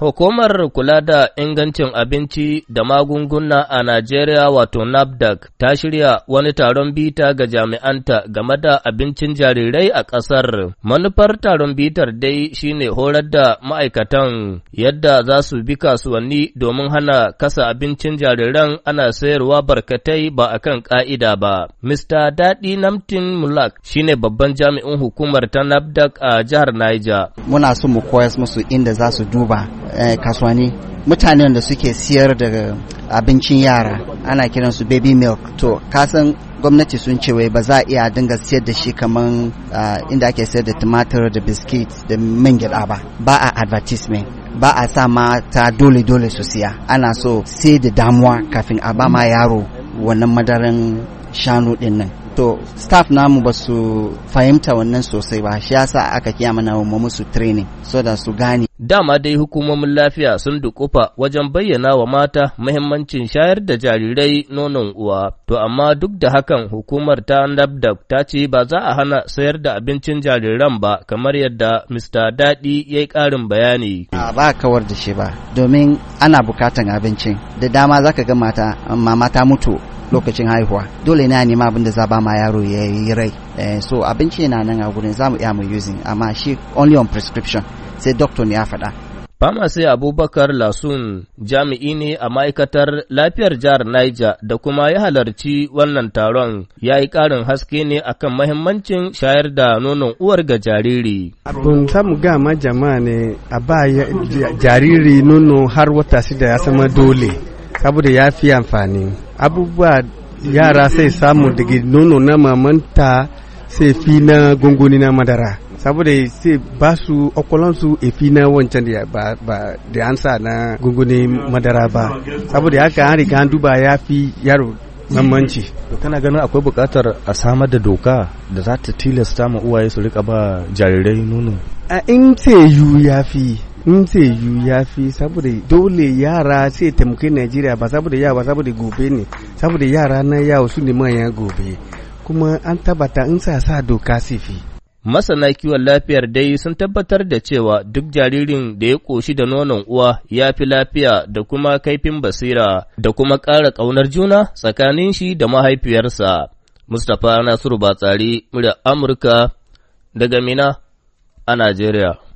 Hukumar kula da ingancin abinci da magunguna a Najeriya wato NAPDAC ta shirya wani taron bita ga jami'anta game da abincin jarirai a ƙasar. Manufar taron bitar dai shine horar da ma'aikatan yadda za su bi kasuwanni domin hana kasa abincin jariran ana sayarwa barkatai ba a kan ƙa'ida ba. Mr. Daɗi Namtin Mulak shine babban jami'in hukumar ta NAPDAC a jihar Niger. Muna so mu koyas musu inda za su duba Eh, kasuwanni mutanen da suke siyar da abincin yara ana kiransu baby milk to kasan gwamnati sun ce wai ba za a iya dinga siyar da shi kaman eh, inda ake siyar da tumatir da biskit da man gyada ba ba a advertisement ba a sa mata dole dole su siya ana so sai da damuwa kafin a ba ma yaro wannan madaran shanu din nan to staff namu ba su fahimta wannan sosai ba shi yasa aka kiya mana mu musu training so da su gane Dama dai hukumomin lafiya sun dukufa wajen bayyana wa mata muhimmancin shayar da jarirai nonon uwa, to amma duk da hakan hukumar ta nabda ta ce ba za a hana sayar da abincin jariran ba kamar yadda Mr. dadi ya yi ƙarin bayani. ba A kawar da shi ba, domin ana bukatan abincin, da dama za ka ga mata, mutu lokacin haihuwa dole na nema abin da za ba ma yaro ya yi rai eh, so abinci yana nan a gurin za mu iya mu using amma shi only on prescription sai doctor ne ya faɗa Famasi Abubakar Lasun jami'i ne a ma'aikatar lafiyar jihar Niger da kuma ya halarci wannan taron ya yi ƙarin haske ne akan mahimmancin shayar da nonon uwar ga jariri. Abin samu gama jama'a ne a ba jariri nono har wata shida ya sama dole, saboda ya fi amfani. abubuwa yara sai samu daga nono na mamanta sai fi na gongoni na madara saboda sai ba su su ifi e na wancan da ba da an sa na gongoni madara ba saboda haka an riga an duba ya fi yaro mamanci kana ganin akwai bukatar a samar da doka da za ta tilasta ma uwaye su rika ba jarirai nono a in sai yu ya fi in ce yu ya fi saboda dole yara sai taimaki nigeria ba saboda yawa ba saboda gobe ne saboda yara na yawo su ne manyan gobe kuma an tabbata in sa sa doka sifi masana kiwon lafiyar dai sun tabbatar da cewa duk jaririn da ya koshi da nonon uwa ya fi lafiya da kuma kaifin basira da kuma ƙara ƙaunar juna tsakanin shi da mahaifiyarsa mustapha nasiru batsari murya amurka daga mina a najeriya